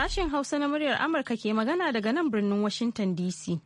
Sashen Hausa na muryar Amurka ke magana daga nan birnin Washington DC.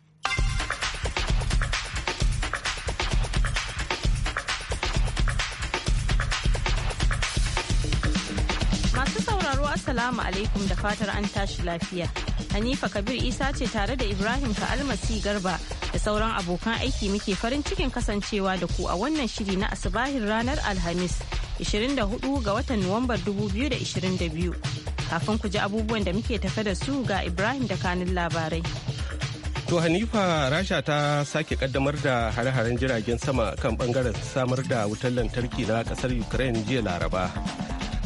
Masu sauraro Assalamu alaikum da fatar an tashi lafiya. Hanifa Kabir Isa ce tare da Ibrahim Ka'almasi Garba da sauran abokan aiki muke farin cikin kasancewa da ku a wannan shiri na asibahin ranar Alhamis 24 ga watan Nuwambar 2022. kafin ku ji abubuwan da muke tafe da su ga Ibrahim da kanin labarai. To Hanifa Rasha ta sake kaddamar da hare-haren jiragen sama kan bangaren samar da wutar lantarki na kasar Ukraine jiya Laraba.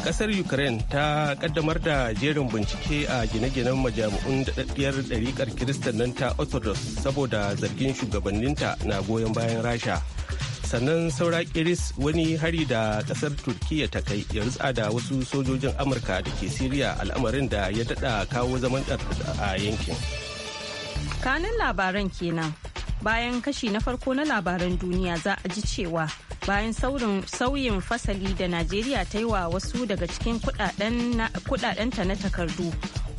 Kasar Ukraine ta kaddamar da jerin bincike a gine-ginen majami'un daɗaɗɗiyar ɗariƙar Kiristan nan ta Orthodox saboda zargin shugabanninta na goyon bayan Rasha. sannan saura kiris wani hari da kasar turkiya ta kai ya rutsa da wasu sojojin amurka da ke siriya al'amarin da ya dada kawo zaman a yankin kanin labaran kenan bayan kashi na farko na labaran duniya za a ji cewa bayan sauyin fasali da najeriya ta yi wa wasu daga cikin kudadenta na takardu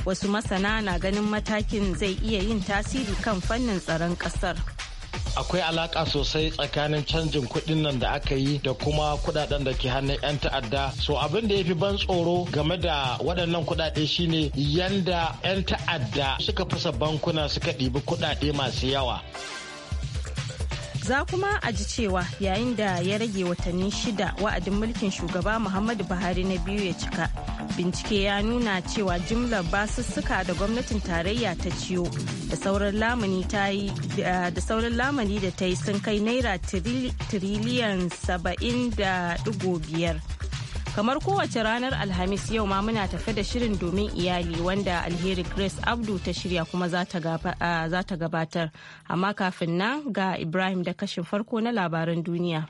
wasu masana na ganin matakin zai iya yin tasiri kan fannin tsaron kasar. akwai alaka sosai tsakanin canjin kuɗin nan da aka yi da kuma kuɗaɗen da ke hannun 'yan ta'adda so abin da ya fi ban tsoro game da waɗannan kuɗaɗe shine yanda 'yan ta'adda suka fasa bankuna suka ɗibi kuɗaɗe masu yawa za kuma a ji cewa yayin da ya rage watanni shida wa'adin mulkin shugaba muhammadu buhari na biyu ya cika bincike ya nuna cewa jimlar basussuka da gwamnatin tarayya ta ciyo da sauran lamani da ta yi sun kai naira tiriliyan saba'in da kamar kowace ranar alhamis yau ma muna tafe da shirin domin iyali wanda alheri grace abdu ta shirya kuma za ta gabatar amma kafin nan ga ibrahim da kashin farko na labaran duniya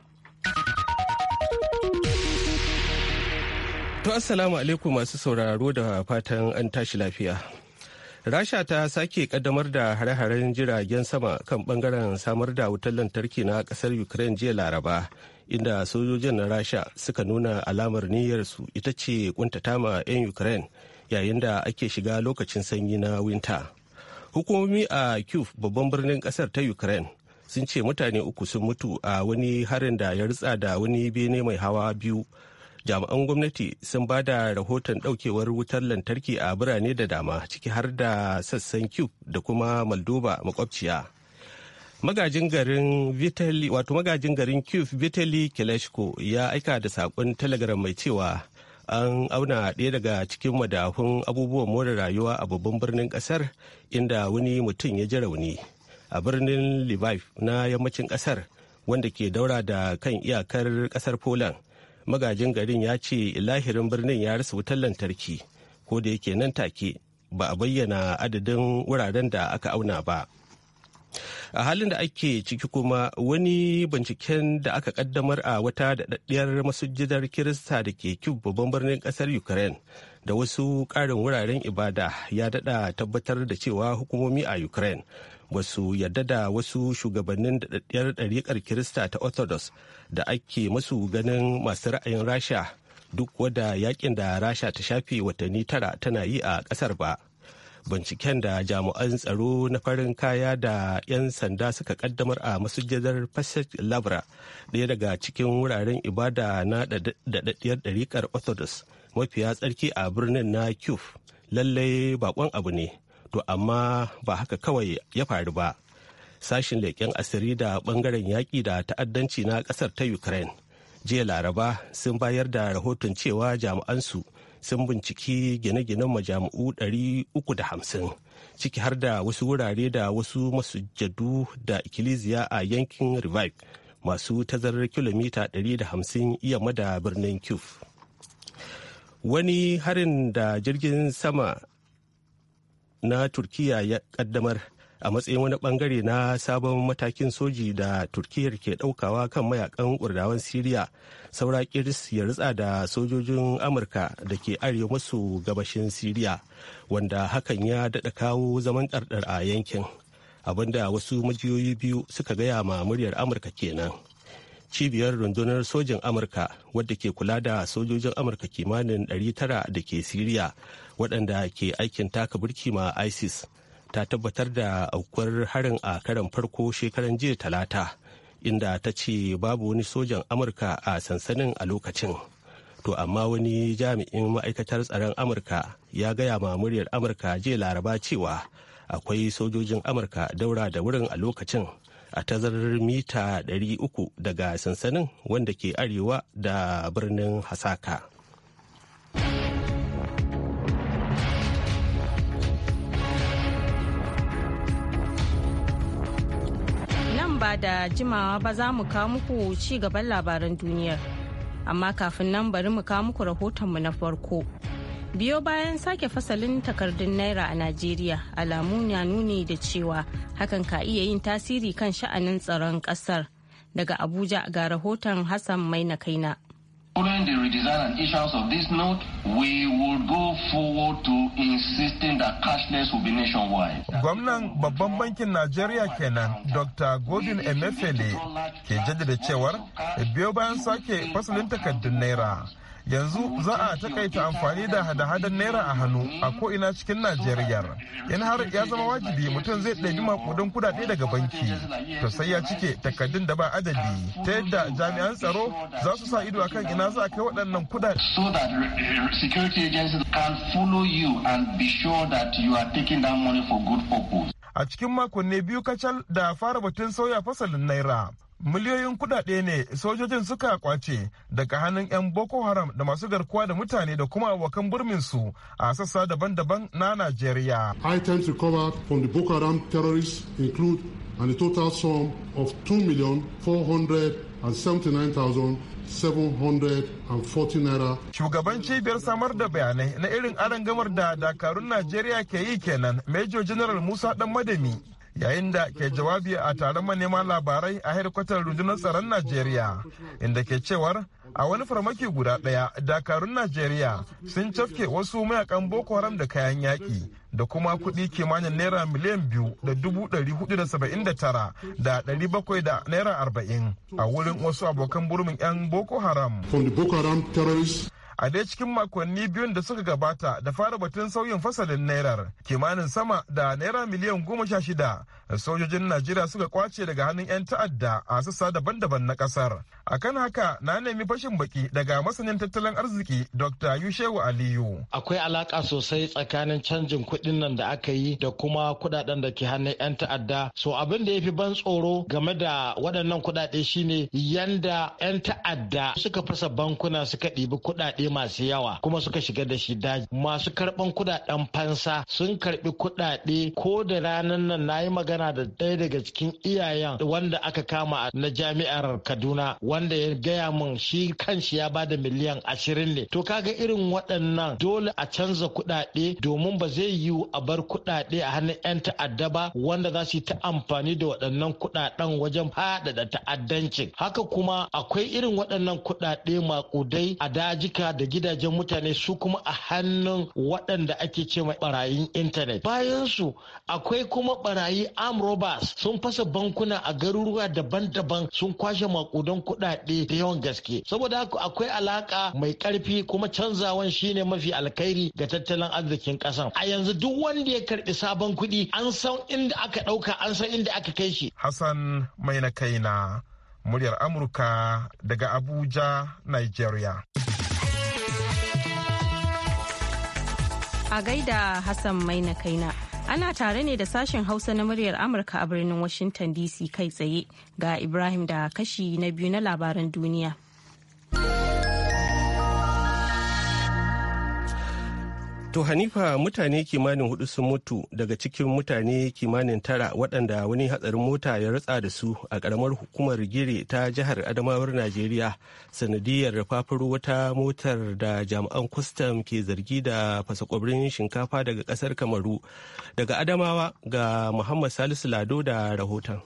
to assalamu alaikum masu sauraro da fatan an tashi lafiya rasha ta sake kaddamar da hare-haren jiragen sama kan bangaren samar da wutar lantarki na kasar ukraine jiya laraba inda sojojin na rasha suka nuna alamar niyyarsu ita ce kuntata ma 'yan ukraine yayin da ake shiga lokacin sanyi na winta hukumomi a kyiv babban birnin kasar ta ukraine sun ce mutane uku sun mutu a wani harin da ya ritsa da wani bene mai hawa biyu jami'an gwamnati sun ba da rahoton daukewar wutar lantarki a birane da dama ciki har da sassan kyiv da kuma moldova makwabciya magajin garin vitali wato magajin garin kyiv vitali kileshko ya aika da sakon telegram mai cewa an auna ɗaya daga cikin madahun abubuwan more rayuwa a babban birnin ƙasar inda wani mutum ya ji rauni a birnin lviv na yammacin ƙasar wanda ke daura da kan iyakar ƙasar poland magajin garin ya ce lahirin birnin ya rasa wutar lantarki ko da yake nan take ba a bayyana adadin wuraren da aka auna ba. a halin da ake ciki kuma wani binciken da aka kaddamar a wata daɗaɗɗiyar masujidar kirista da ke kyiv babban birnin ƙasar ukraine da wasu ƙarin wuraren ibada ya daɗa tabbatar da cewa hukumomi a ukraine wasu yarda da wasu shugabannin daɗaɗɗiyar ɗariƙar kirista ta orthodox da ake masu ganin masu ra'ayin rasha duk wada yakin da rasha ta shafe watanni tara tana yi a ƙasar ba binciken da jami'an tsaro na farin kaya da 'yan sanda suka kaddamar a masujadar pasek labra ɗaya daga cikin wuraren ibada na daɗaɗɗiyar ɗariƙar orthodox mafiya tsarki a birnin na kyuf lallai bakon abu ne to amma ba haka kawai ya faru ba sashin leƙen asiri da ɓangaren yaƙi da ta'addanci na ƙasar ta ukraine jiya laraba sun bayar da rahoton cewa jami'ansu sun binciki gine-ginen majami'u 350 ciki har da wasu wurare da wasu masujadu da ikkilisiya a yankin revive masu tazarar kilomita 150 iya mada birnin kyuf wani harin da jirgin sama na turkiya ya kaddamar a matsayin wani bangare na sabon matakin soji da turkiyar ke daukawa kan mayakan kurdawan siriya saura kiris ya ritsa da sojojin amurka da ke arewa masu gabashin siriya wanda hakan ya daɗa kawo zaman ɗarɗar a yankin abinda wasu majiyoyi biyu suka gaya ma muryar amurka kenan cibiyar rundunar sojin amurka wadda ke kula da sojojin amurka kimanin 900 da ke siriya waɗanda ke aikin taka burki ma isis ta tabbatar da aukuwar harin a karan farko shekaran jiya talata inda ta ce babu wani sojan amurka a sansanin a lokacin to amma wani jami'in ma'aikatar tsaron amurka ya gaya ma muryar amurka jiya laraba cewa akwai sojojin amurka daura da wurin a lokacin a tazarar mita 300 daga sansanin wanda ke arewa da birnin hasaka ba da jimawa ba za mu kawo muku ci gaban labaran duniyar. Amma kafin nan bari mu kawo muku rahotonmu na farko. Biyo bayan sake fasalin takardun Naira a Najeriya, alamu na nuni da cewa hakan ka iya yin tasiri kan sha'anin tsaron ƙasar. Daga Abuja ga rahoton Hassan Maina Kaina. Following the redesign and issuance of this note, we will go forward to insisting that cashless will be nationwide. Gwamnan babban bankin Najeriya kenan Dr. Godin Emefele ke jaddada cewar biyo bayan sake fasalin takardun naira. yanzu za a takaita amfani da hada-hadar naira a hannu a ko'ina cikin najeriya yana har ya zama wajibi mutum zai ɗabi makudan kudade daga banki to sai ya cike takardun da ba adadi ta yadda jami'an tsaro za su sa ido a kan ina za a kai waɗannan kudade a cikin makonni biyu kacal da fara batun sauya fasalin naira miliyoyin kudade ne sojojin suka kwace daga hannun 'yan boko haram da masu garkuwa da mutane da kuma wakan birnin su a sassa daban-daban na najeriya items recovered from the boko haram terrorists include a total sum of 2,479,740 naira. Shugaban cibiyar samar da bayanai na irin arangamar da dakarun Najeriya ke yi kenan, Major General Musa Dan Madami. yayin da ke jawabi a taron manema labarai a hedkwatar rundunar tsaron najeriya inda ke cewar a wani farmaki guda ɗaya dakarun najeriya sun cafke wasu mayakan boko haram da kayan yaki da kuma kudi kimanin naira miliyan biyu da dubu dari hudu da saba'in da tara da dari bakwai da naira arba'in a wurin wasu abokan burmin 'yan boko haram. a dai cikin makonni biyun da suka gabata da fara batun sauyin fasalin nairar kimanin sama da naira miliyan goma sha shida sojojin najeriya suka kwace daga hannun 'yan ta'adda a sassa daban-daban na kasar akan haka na nemi fashin baki daga masanin tattalin arziki dr yushewu aliyu akwai alaka sosai tsakanin canjin kuɗin nan da aka yi da kuma kuɗaɗen da ke hannun 'yan ta'adda so abin da ya fi ban tsoro game da waɗannan kuɗaɗe shine yanda 'yan ta'adda suka fasa bankuna suka ɗibi kuɗaɗe masu yawa kuma suka shiga da shi daji masu karban kudaden fansa sun karbi kudade ko da ranar nan na yi magana da ɗaya daga cikin iyayen wanda aka kama na jami'ar kaduna wanda ya gaya min shi kanshi ya bada miliyan ashirin ne to kaga irin waɗannan dole a canza kudade domin ba zai yiwu a bar kudade a hannun 'yan ta'adda ba wanda za su yi ta amfani da waɗannan kudaden wajen faɗaɗa ta'addancin haka kuma akwai irin waɗannan kudade makudai a dajika da gidajen mutane su kuma a hannun waɗanda ake ce mai barayin intanet bayan su akwai kuma barayi amrobas sun fasa bankuna a garuruwa daban-daban sun kwashe makudan kuɗaɗe da yawan gaske saboda haka akwai alaka mai ƙarfi kuma canzawan shine mafi alkhairi ga tattalin arzikin ƙasan a yanzu duk wanda ya karɓi sabon kuɗi an san inda aka ɗauka an san inda aka kai shi hassan mai na kaina muryar amurka daga abuja nigeria A gaida Hassan na Kaina. Ana tare ne da sashen Hausa na muryar Amurka a birnin Washington DC kai tsaye ga Ibrahim da kashi na biyu na labaran duniya. To Hanifa mutane kimanin hudu sun mutu daga cikin mutane kimanin tara waɗanda wani hatsarin mota ya ratsa da su a ƙaramar hukumar gire ta jihar Adamawar Najeriya sanadiyar fafaro wata motar da jami'an kwastam ke zargi da fasakwabrin shinkafa daga ƙasar Kamaru daga Adamawa ga Muhammad Salisu Lado da rahoton.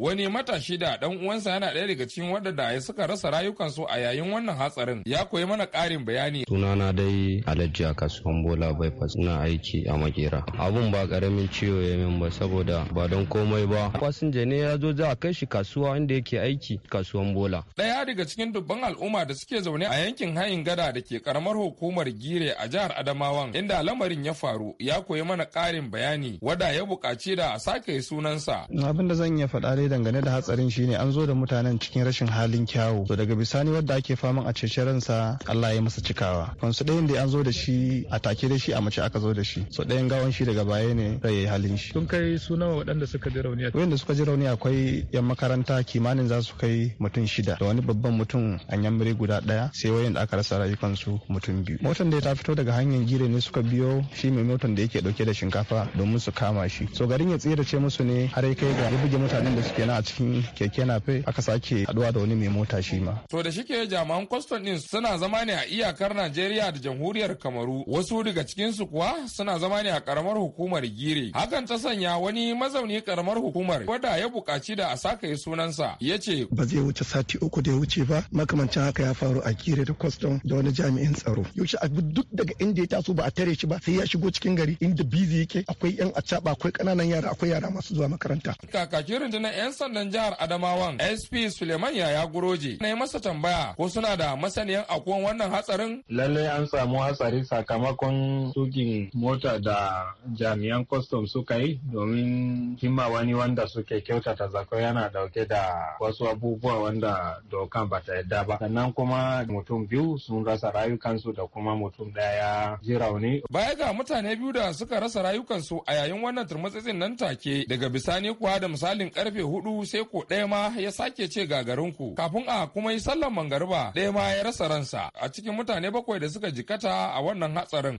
wani matashi da dan uwansa yana ɗaya daga cikin waɗanda ya suka rasa rayukansu a yayin wannan hatsarin ya koyi mana ƙarin bayani sunana dai alhaji a kasuwan bola bypass ina aiki a makera abun ba karamin ciwo ya min ba saboda ba don komai ba fasinja ne ya zo za a kai shi kasuwa inda yake aiki kasuwan bola ɗaya daga cikin dubban al'umma da suke zaune a yankin hayin gada da ke karamar hukumar gire a jihar adamawan inda lamarin ya faru ya koyi mana ƙarin bayani wada ya buƙaci da a sake sunansa abin da zan iya faɗa dangane da hatsarin shine an zo da mutanen cikin rashin halin kyawu to daga bisani wadda ake faman a cece ransa Allah ya masa cikawa kansu ɗayan da an zo da shi a take da shi a mace aka zo da shi so ɗayan gawan shi daga baya ne halin shi kun kai suna waɗanda suka ji rauni waɗanda suka ji rauni akwai yan makaranta kimanin za su kai mutum shida da wani babban mutum anyan yammure guda daya sai wayan da aka rasa rayukansu mutum biyu motan da ta fito daga hanyar gire ne suka biyo shi mai motan da yake dauke da shinkafa domin su kama shi so garin ya tsira ce musu ne har ya kai ga ya buge mutanen da suke Yana a cikin keke nafe aka sake haduwa da wani mai mota shi ma. To da shike jami'an kwaston din suna zama ne a iyakar Najeriya da jamhuriyar Kamaru wasu daga cikinsu kuwa suna zama ne a karamar hukumar Gire. Hakan ta sanya wani mazauni karamar hukumar wanda ya buƙaci da a saka sakaye sunansa ya ce. Ba zai wuce sati uku da ya wuce ba makamancin haka ya faru a Gire da kwaston da wani jami'in tsaro. Yaushe a duk daga inda ya taso ba a tare shi ba sai ya shigo cikin gari inda bizi yake akwai 'yan acaɓa akwai ƙananan yara akwai yara masu zuwa makaranta. Kakakin rundunar 'yan 'yan sandan jihar Adamawan SP Suleiman ya Guroje na yi masa tambaya ko suna da masaniyan akuwan wannan hatsarin. Lallai an samu hatsari sakamakon tukin mota da jami'an kwastam suka yi domin himma wani wanda suke kyautata zako yana dauke da wasu abubuwa wanda dokan ba ta yadda ba. Sannan kuma mutum biyu sun rasa rayukansu da kuma mutum daya ji rauni. Baya ga mutane biyu da suka rasa rayukansu a yayin wannan turmutsitsin nan take daga bisani kuwa da misalin karfe hudu sai ko ɗaya ma ya sake ce gagarinku kafin a kuma yi sallan mangariba ɗaya ma ya rasa ransa a cikin mutane bakwai da suka jikata a wannan hatsarin.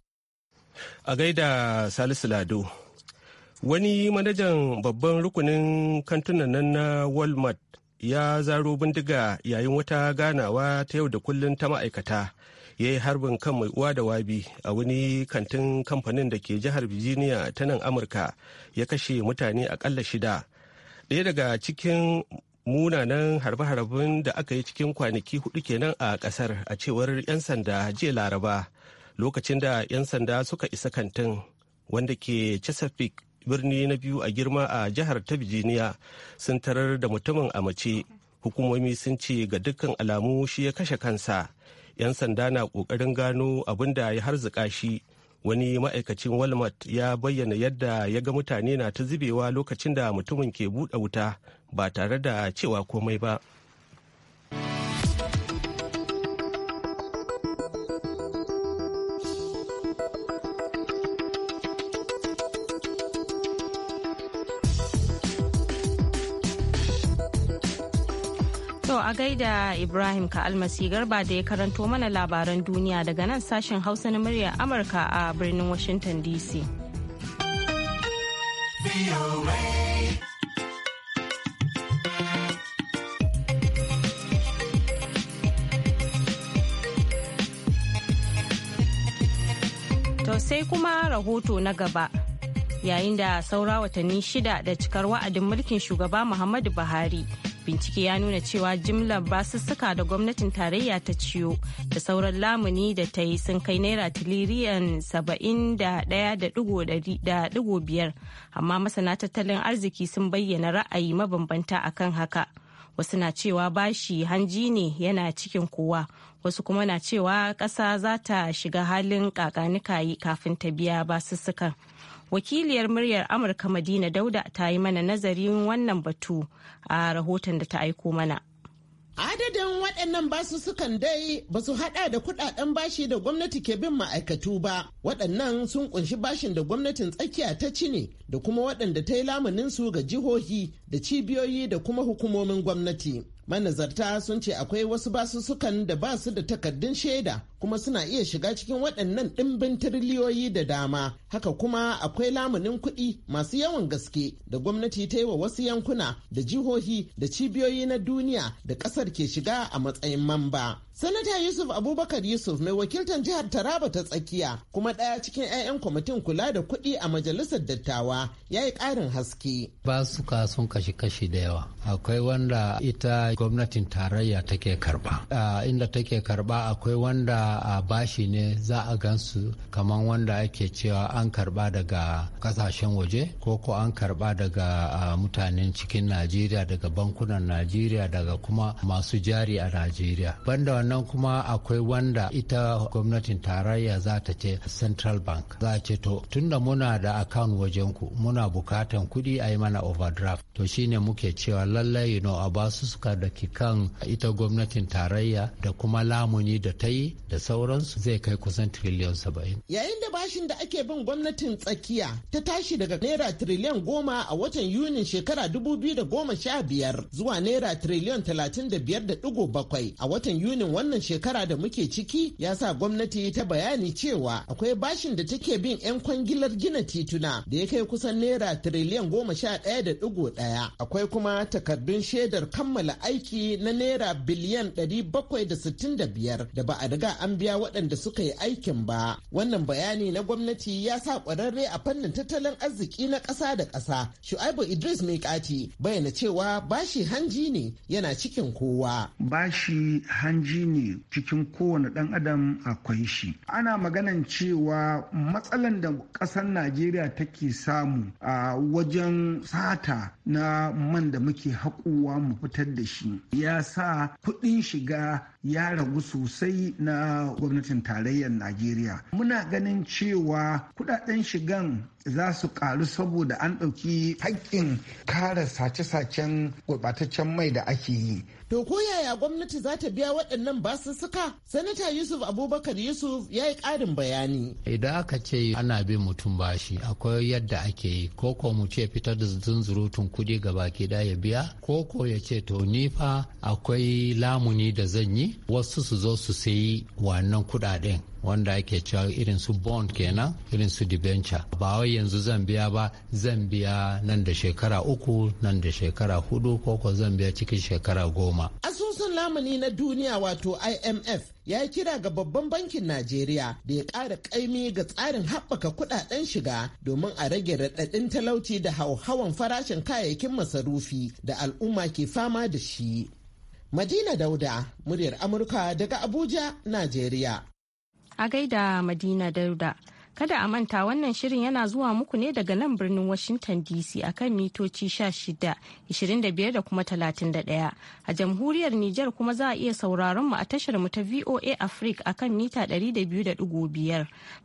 A gaida Salisu Lado. Wani manajan babban rukunin kantunan nan na Walmart ya zaro bindiga yayin wata ganawa ta yau da kullun ta ma'aikata. ya yi harbin kan mai uwa da wabi a wani kantin kamfanin da ke jihar virginia ta nan amurka ya kashe mutane akalla shida ɗaya daga cikin munanan harbe-harben da aka yi cikin kwanaki hudu kenan a ƙasar a cewar 'yan sanda jiya laraba lokacin da 'yan sanda suka isa kantin wanda ke chesapeake birni na biyu a girma a jihar ta virginia sun tarar da mutumin a mace hukumomi sun ce ga dukkan alamu shi ya kashe kansa 'yan sanda na kokarin gano abin da ya harzuka shi wani ma'aikacin walmart ya bayyana yadda ya ga mutane na ta zubewa lokacin da mutumin ke buɗe wuta ba tare da cewa komai ba a gaida Ibrahim Ka'almasi Garba da ya karanto mana labaran duniya daga nan sashen Hausa na muryar Amurka a birnin Washington DC. To sai kuma rahoto na gaba. Yayin da saura watanni shida da cikar wa'adin mulkin shugaba Muhammadu Buhari. bincike ya nuna cewa jimlar basussuka da gwamnatin tarayya ta ciyo da sauran lamuni da ta yi sun kai naira tiliriyan 71.5 amma masana tattalin arziki sun bayyana ra'ayi mabambanta a kan haka wasu na cewa bashi hanji ne yana cikin kowa wasu kuma na cewa ƙasa za ta shiga halin kafin ta biya basussukan. wakiliyar muryar amurka madina dauda ta yi mana nazarin wannan batu a rahoton da ta aiko mana Adadin waɗannan basussukan dai ba su haɗa da kuɗaɗen bashi da gwamnati ke bin ma'aikatu ba. Waɗannan sun kunshi bashin da gwamnatin tsakiya ta ci ne da kuma waɗanda ta yi lamunin su ga jihohi da cibiyoyi da kuma hukumomin gwamnati. Manazarta sun ce akwai wasu basussukan da ba su da takardun shaida kuma suna iya shiga cikin waɗannan ɗimbin tiriliyoyi da dama haka kuma akwai lamunin kuɗi masu yawan gaske da gwamnati ta yi wa wasu yankuna da jihohi da cibiyoyi na duniya da ƙasar ke shiga a matsayin mamba sanata yusuf abubakar yusuf mai wakiltar jihar taraba ta tsakiya kuma ɗaya cikin 'ya'yan kwamitin kula da kuɗi a majalisar dattawa ya yi ƙarin haske ba su sun kashi kashi da yawa akwai wanda ita gwamnatin tarayya take karba inda take karba akwai wanda a bashi ne za a gansu kamar wanda ake cewa an karba daga kasashen waje ko ko an karba daga mutanen cikin najeriya daga bankunan najeriya daga kuma masu jari a najeriya banda wannan kuma akwai wanda ita gwamnatin tarayya za ta ce central bank za ce to tunda muna da account wajen ku muna bukatan kuɗi a yi mana overdraft to shine muke cewa lallai you know, a basu suka da kan ita gwamnatin tarayya da kuma lamuni da ta yi da sauransu zai kai kusan triliyan saba'in. Yayin da bashin da ake bin gwamnatin tsakiya ta tashi daga naira triliyan goma a watan Yunin shekara dubu biyu da goma sha biyar zuwa naira tiriliyan talatin da biyar da digo bakwai a watan Yunin wannan shekara da muke ciki ya sa gwamnati ta bayani cewa akwai bashin da take bin 'yan kwangilar gina tituna da ya kai kusan naira tiriliyan goma sha ɗaya da digo ɗaya. Akwai kuma takardun shaidar kammala aiki na naira biliyan ɗari bakwai da sittin da biyar da ba a riga an an biya waɗanda suka yi aikin ba wannan bayani na gwamnati ya sa ƙwararre a fannin tattalin arziki na ƙasa da ƙasa shu'aibu idris mai ƙati bayyana cewa bashi hanji ne yana cikin kowa bashi hanji ne cikin kowane ɗan adam akwai shi ana maganan cewa matsalan da ƙasar najeriya take samu a wajen sata na man da muke haƙowa mu fitar da shi ya sa kuɗin shiga ya ragu sosai na gwamnatin tarayyar najeriya muna ganin cewa kudaden shigan za su karu saboda an ɗauki haƙƙin kare sace-sacen gurɓataccen mai da ake yi. To ko yaya gwamnati za ta biya waɗannan basussuka? Sanata Yusuf Abubakar Yusuf ya yi ƙarin bayani. Idan aka ce ana bin mutum bashi akwai yadda ake yi ko ko mu ce fitar da zunzurutun kuɗi ga baki ya biya Koko ko ya ce to ni fa akwai lamuni da zan yi wasu su zo su sayi wannan kuɗaɗen wanda ake cewa irin su bond kenan irin su debenture ba wai yanzu zan biya ba zan biya nan da shekara uku nan da shekara hudu ko ko zan biya cikin shekara goma asusun lamuni na duniya wato imf ya yi kira ga babban bankin najeriya da ya ƙara ƙaimi ga tsarin haɓaka kuɗaɗen shiga domin a rage raɗaɗin talauci da hauhawan farashin kayayyakin masarufi da al'umma ke fama da shi madina dauda muryar amurka daga abuja najeriya A gaida Madina Dauda. Kada a manta wannan shirin yana zuwa muku ne daga nan birnin Washington DC akan mitoci 16, 25 da kuma 31. A jamhuriyar Nijar kuma za a iya sauraron mu a tashar mu ta VOA Africa akan mita 200.5.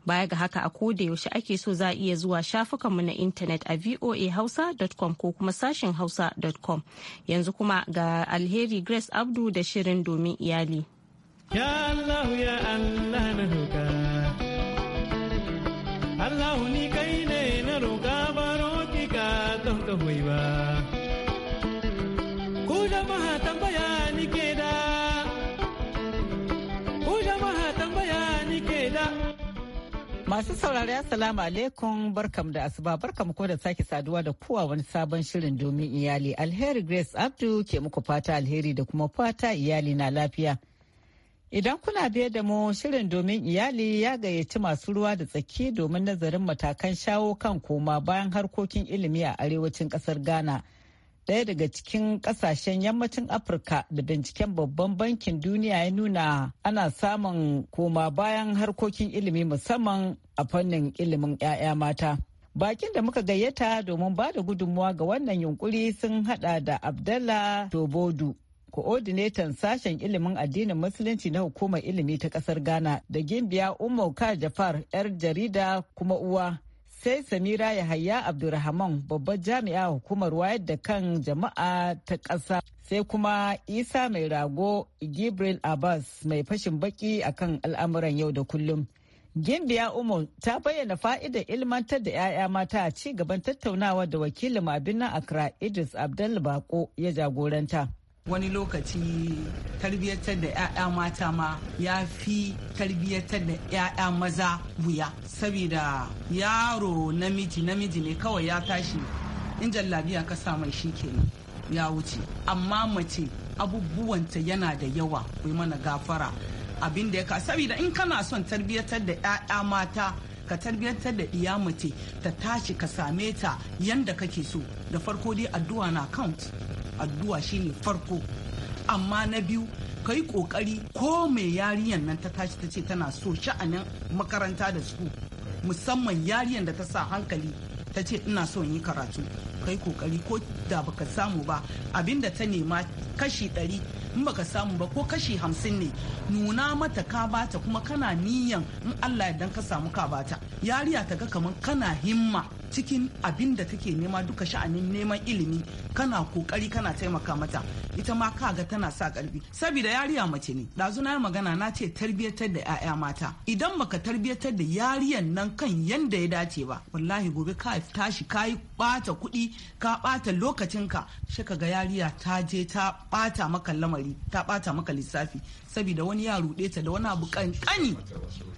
Baya ga haka a koda yaushe ake so za a iya zuwa shafukan mu na intanet a voahausa.com ko kuma sashin hausa.com. Yanzu kuma ga Alheri Grace Abdu da shirin domin iyali. Ya Allah ya Allah na roƙa. Allah ni kai ne na roƙa baro ki ka don ka hoyi ba. Ku ke da. Masu saurari Assalamu alaikum barkam da asuba barkam ko da sake saduwa da kowa wani sabon shirin domin iyali alheri Grace Abdu ke muku fata alheri da kuma fata iyali na lafiya. Idan kuna biye da mu shirin domin iyali ya gayyaci masu ruwa da tsaki domin nazarin matakan shawo kan koma bayan harkokin ilimi a arewacin kasar Ghana. Daya daga cikin kasashen yammacin Afirka da binciken babban bankin duniya ya nuna ana samun koma bayan harkokin ilimi musamman a fannin ilimin 'ya'ya mata. Bakin da muka gayyata domin ba da gudunmuwa ga wannan yunkuri sun hada da Abdallah Tobodu coordinator sashen ilimin addinin musulunci na hukumar ilimi ta kasar ghana da gimbiya umar ka jafar yar jarida kuma uwa sai samira yahaya abdulrahman babbar jami'a hukumar wayar da kan jama'a ta ƙasa sai kuma isa mai rago gabriel abbas mai fashin baki akan al'amuran yau da kullum gimbiya umar ta bayyana fa'idar ilmantar da 'ya'ya mata a ci gaban tattaunawa da wakilin abin na accra idris abdul bako ya jagoranta wani lokaci tarbiyyatar da 'ya'ya mata ma ya fi tarbiyyatar da 'ya'ya maza wuya saboda yaro namiji namiji ne kawai ya tashi in jallabiya ka sa mai shi kenan ya wuce amma mace abubuwanta yana da yawa kai mana gafara abin da ya ka saboda in kana son tarbiyyatar da 'ya'ya mata ka tarbiyyantar da iya mace ta tashi ka same ta yanda kake so da farko dai addu'a na count addu'a shine farko amma na biyu ka yi kokari ko mai yariyan nan ta tashi ta ce tana so sha'anin makaranta da su musamman yariyan da ta sa hankali ta ce ina so yi karatu ka yi kokari ko da baka samu ba abinda ta nema kashi ɗari in baka samu ba ko kashi hamsin ne nuna mata ka bata kuma kana niyan in allah dan ka samu ka bata yariya ta ga kamar kana himma cikin abin da take nema duka sha'anin neman ilimi kana kokari kana taimaka mata ita ma kaga tana sa karfi saboda yariya mace ne dazu na magana na ce tarbiyyatar da 'ya'ya mata idan baka tarbiyyatar da yariyan nan kan yanda ya dace ba wallahi gobe ka tashi ka yi bata kuɗi ka bata lokacinka shi ka ga yariya ta je ta bata maka lamari ta bata maka lissafi saboda wani ya ruɗe ta da wani abu kankani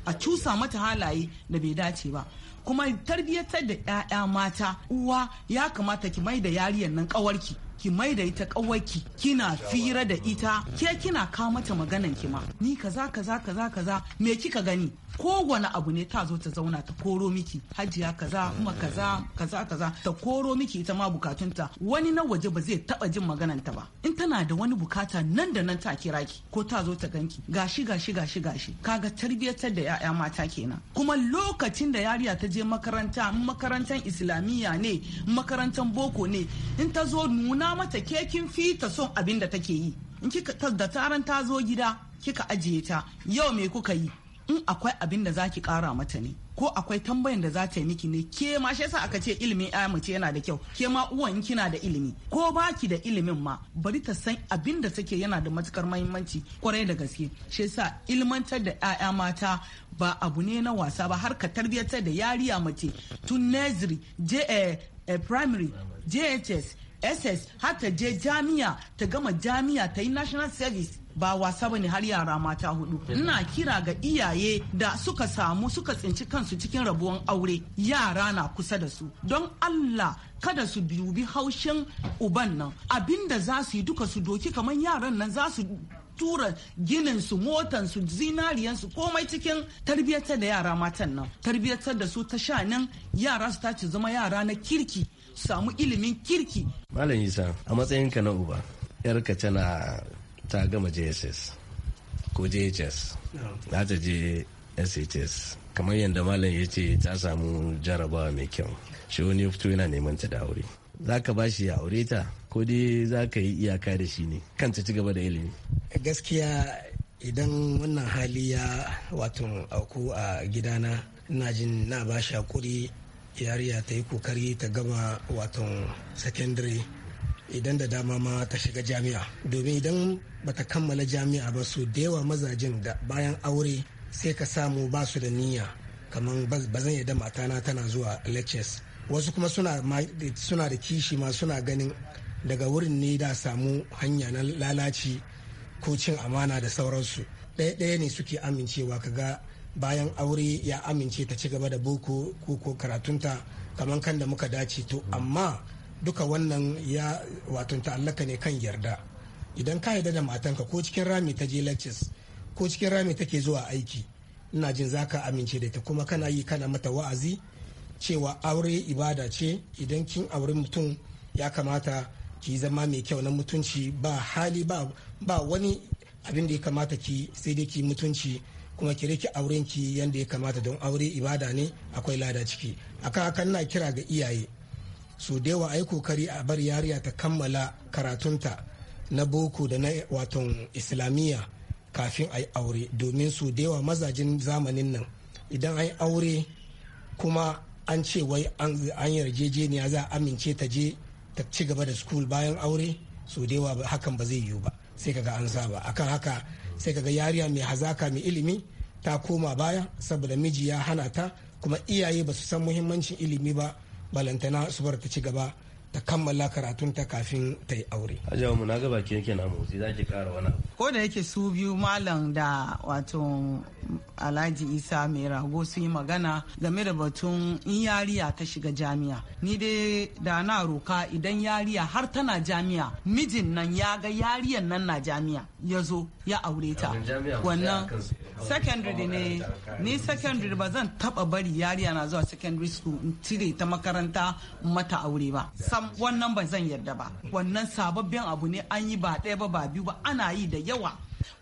a cusa mata halaye da bai dace ba kuma tarbiyyatar da 'ya'ya mata uwa ya kamata ki mai da yariyar nan kawarki ki mai da ita kawarki kina fira da ita ke kina ka mata maganan ki ma ni kaza kaza kaza kaza me kika gani kowane abu ne ta zo ta zauna ta koro miki hajiya kaza kuma kaza kaza kaza ta koro miki ita ma bukatunta wani na waje ba zai taba jin ta ba in tana da wani bukata nan da nan ta kira ki ko ta zo ta ganki gashi gashi gashi gashi kaga tarbiyyatar da ya'ya mata kenan kuma lokacin da yariya ta je makaranta makarantar islamiyya ne makarantar boko ne in ta zo nuna mata kekin ta son abin da take yi in kika da taran ta zo gida kika ajiye ta yau me kuka yi in akwai abin da zaki kara mata ne ko akwai tambayan da za ta yi miki ne ke ma shi yasa aka ce ilimi ya mace yana da kyau ke ma uwan kina da ilimi ko baki da ilimin ma bari ta san abin da take yana da matukar mahimmanci kwarai da gaske shi yasa ilmantar da 'ya'ya mata ba abu ne na wasa ba har ka tarbiyyatar da yariya mace tun nursery eh, eh, primary jhs ss har ta je jami'a ta gama jami'a ta yi national service ba wasa ba ne har yara mata hudu ina kira ga iyaye da suka samu suka tsinci kansu cikin rabuwan aure yara na kusa da su don allah kada su dubi haushin uban nan abinda za su yi duka su doki kamar yaran nan za su tura ginin su motan su komai cikin tarbiyyatar da yara matan nan tarbiyyatar da su ta shanin yara su ta ci zama yara na kirki samu ilimin kirki malam isa a matsayinka na uba yarka tana ta gama jss ko jhs za ta je shs kamar yadda malam ya ce ta samu jarabawa mai kyau shi wani ya fito yana neman ta da aure za ka ba shi ya aure ta ko dai za ka yi iyaka da shi ne kanta ci gaba da ilimi gaskiya idan wannan hali ya wato auku a gidana ina jin na ba shi hakuri yariya ta yi kokari ta gama wato secondary idan da dama ma ta shiga jami'a domin idan bata kammala jami'a ba su da yawa mazajen da bayan aure sai ka samu ba su da niyya kamar ba zan yadda matana tana zuwa lectures wasu kuma suna da kishi ma suna ganin daga wurin ne da samu hanya na lalaci ko cin amana da sauransu ɗaya ɗaya ne suke amincewa kaga bayan aure ya amince ta ci gaba da boko ko karatunta kamar kan da muka dace to amma duka wannan ya wato ta'allaka ne kan yarda idan ka yarda da matanka ko cikin rami ta je lectures ko cikin rami take zuwa aiki ina jin za ka amince da ita kuma kana yi kana mata wa'azi cewa aure ibada ce idan kin aure mutum ya kamata ki zama mai kyau na mutunci ba hali ba ba wani abin da ya kamata ki sai dai ki mutunci kuma ki rike aurenki yadda ya kamata don aure ibada ne akwai lada ciki akan haka ina kira ga iyaye su da yawa ai kokari a bar yariya ta kammala karatunta na boko da na waton islamiyya kafin a aure domin su da mazajin zamanin nan idan an yi aure kuma an ce wai an yarjejeniya za a amince ta je ta ci gaba da school bayan aure su da hakan ba zai yiwu ba sai kaga an saba akan haka sai kaga yariya mai hazaka mai ilimi ta koma baya saboda miji ya hana ta kuma iyaye ba su san muhimmancin ilimi ba balantana asubar ta ci gaba ta kammala karatun ta kafin ta yi aure. Ajawa mu na ga baki yake na motsi za ki kara wani abu. Ko da yake su biyu malam da wato Alhaji Isa mai rago su yi magana game da batun in yariya ta shiga jami'a. Ni dai da na roka idan yariya har tana jami'a mijin nan ya ga yariyan nan na jami'a ya zo ya aure ta. Wannan secondary ne ni secondary ba zan taba bari yariya na zuwa secondary school in cire ta makaranta mata aure ba. Sam wannan ba zan yarda ba wannan sababbin abu ne an yi ba ɗaya ba ba biyu ba ana yi da yawa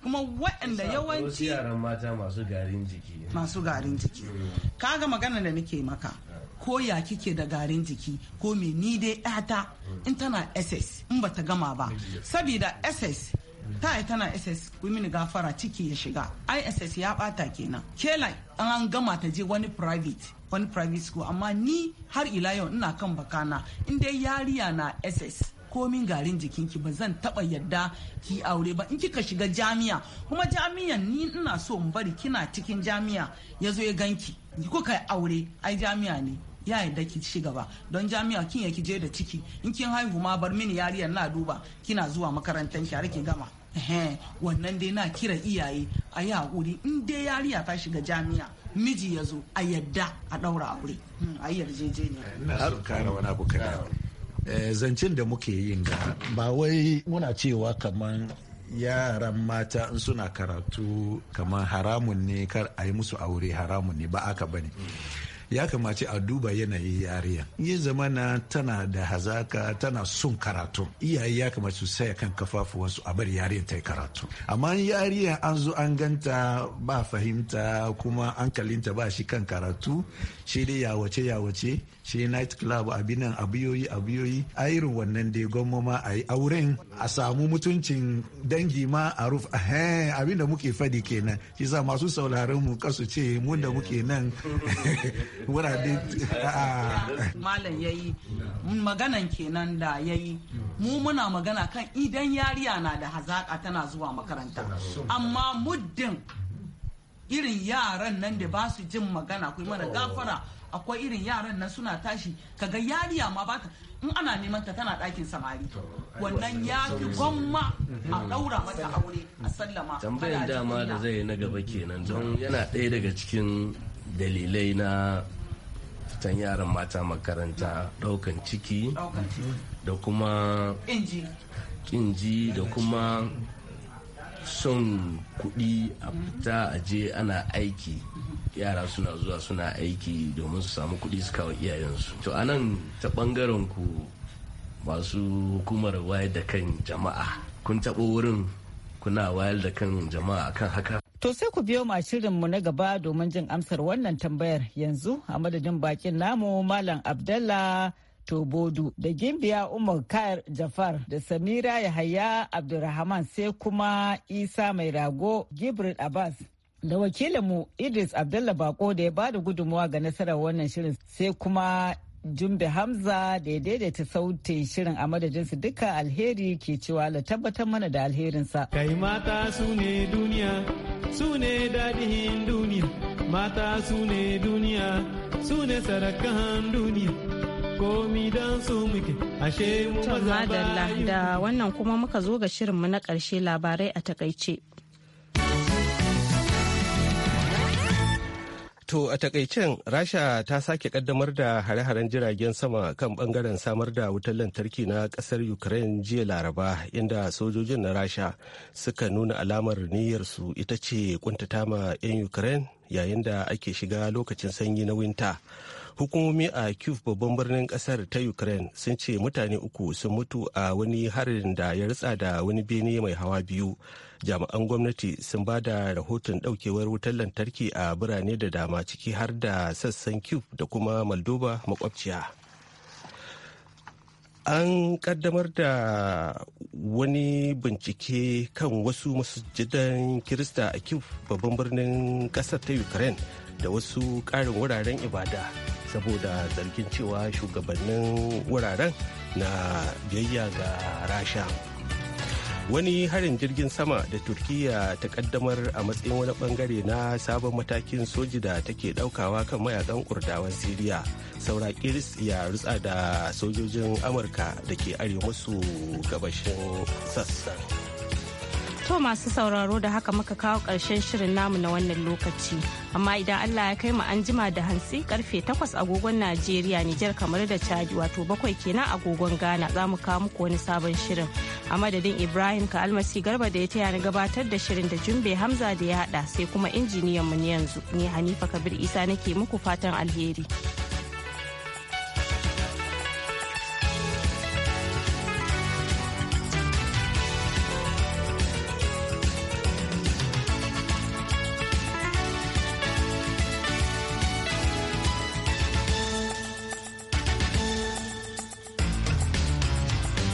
kuma waɗanda yawanci yaran mata masu garin jiki masu garin jiki mm. kaga magana da nake maka ko ya kike da garin jiki ko me ni dai ɗata mm. in tana ss in ba ta gama ba saboda ss ta tana ss women gafara ciki ya shiga iss ya bata kenan kela an gama ta je wani private wani private school amma ni har ila yau ina kan bakana in dai yariya na ss komin garin jikinki ba zan taba yadda ki aure ba in kika shiga jami'a kuma jami'an ni ina so in bari kina cikin jami'a ya zo ya ganki kuka aure ai jami'a ne ya yadda ki ci gaba don jami'a kin ya ki je da ciki in kin haihu ma bar mini yariyar na duba kina zuwa makarantar ki ki gama wannan dai na kira iyaye a yi haƙuri in dai yariya ta shiga jami'a miji ya zo a yadda a ɗaura aure hmm, a yi yarjejeniya. Eh, eh, zancen da muke yi ga ba wai muna cewa kamar yaran mata in suna karatu kamar haramun ne kar a yi musu aure haramun ne ba aka bane. ne. ya kamace a duba yanayin yariya yin zamana tana da hazaka tana son karatu iyaye ya kamace su saya kan kafafuwansu a bar yariya ta karatu amma yariya an zo an ganta ba fahimta kuma an kalinta ba shi kan karatu shi dai yawace yawace shi night club abin nan abiyoyi abiyoyi a irin wannan dai gwamma ma a yi auren a samu mutuncin dangi ma a ruf eh, abin da muke fadi kenan shi sa masu sauraron mu kasu ce mun da muke nan muna malam yayi maganan kenan da yayi mu muna magana kan idan yariya na da hazaƙa tana zuwa makaranta amma muddin irin yaran nan da ba su jin magana kuma da gafara akwai irin yaran nan suna tashi kaga yariya ma bata in ana neman ta tana ɗakin samari wannan ya fi gwamma a mm-hmm. ɗaura mata aure a sallama tambayin dama da zai na gaba kenan don yana ɗaya daga cikin dalilai na fitan yaran mata makaranta ɗaukan ciki da kuma ƙinji da kuma son kuɗi a fita aje ana aiki mm-hmm. yara suna zuwa suna aiki domin su samu kuɗi su kawo iyayensu to a nan ta ɓangaren ku masu hukumar wayar da kan jama'a kun taɓo wurin kuna wayar da kan jama'a kan haka To sai ku biyo ma shirinmu na gaba domin jin amsar wannan tambayar yanzu a madadin bakin namu Malam Abdallah Tobodu da Gimbiya Umar Kayar Jafar da Samira Yahaya Abdulrahman sai kuma Isa Mai Rago Gibril Abbas da wakilinmu Idris Abdullah Bako da ya ba da gudunmawa ga nasarar wannan shirin sai kuma Jumbe Hamza da ya daidaita sautin shirin a madadinsu duka alheri ke cewa la tabbatar mana da alherinsa. Kai mata su ne duniya, su ne dadihin duniya, mata su ne duniya, su ne sarakan duniya. komi don su muke ashe mu maza da wannan kuma muka zo ga shirinmu na karshe labarai a takaice. To a takaicen Rasha ta sake kaddamar da hare-haren jiragen sama kan bangaren samar da wutar lantarki na kasar Ukraine jiya Laraba inda sojojin na Rasha suka nuna alamar niyyarsu ita ce kuntatama 'yan Ukraine yayin da ake shiga lokacin sanyi na winta. hukumomi a Kyiv babban birnin kasar ta ukraine sun ce mutane uku sun mutu a wani harin da ya ritsa da wani bene mai hawa biyu jami'an gwamnati sun ba da rahoton daukewar wutar lantarki a birane da dama ciki har da sassan Kyiv da kuma moldova makwabciya an kaddamar da wani bincike kan wasu masjidan kirista a Kyiv babban birnin kasar ta ukraine da wasu ƙarin wuraren ibada saboda zargin cewa shugabannin wuraren na biyayya ga rasha wani harin jirgin sama da turkiya ta kaddamar a matsayin wani bangare na sabon matakin soji da take daukawa kan mayakan kurdawan siriya saura kiris ya rutsa da sojojin amurka da ke arewa masu gabashin sassan To masu sauraro da haka muka kawo ƙarshen shirin namu na wannan lokaci. Amma idan Allah ya kai mu an jima da hantsi karfe 8 agogon Najeriya Nijar kamar da caji wato bakwai kenan agogon Ghana za mu kawo muku wani sabon shirin. A madadin Ibrahim ka almasi garba da ya taya ni gabatar da shirin da Jumbe Hamza da ya haɗa sai kuma injiniyan mu ne yanzu. Ni Hanifa Kabir Isa nake muku fatan alheri.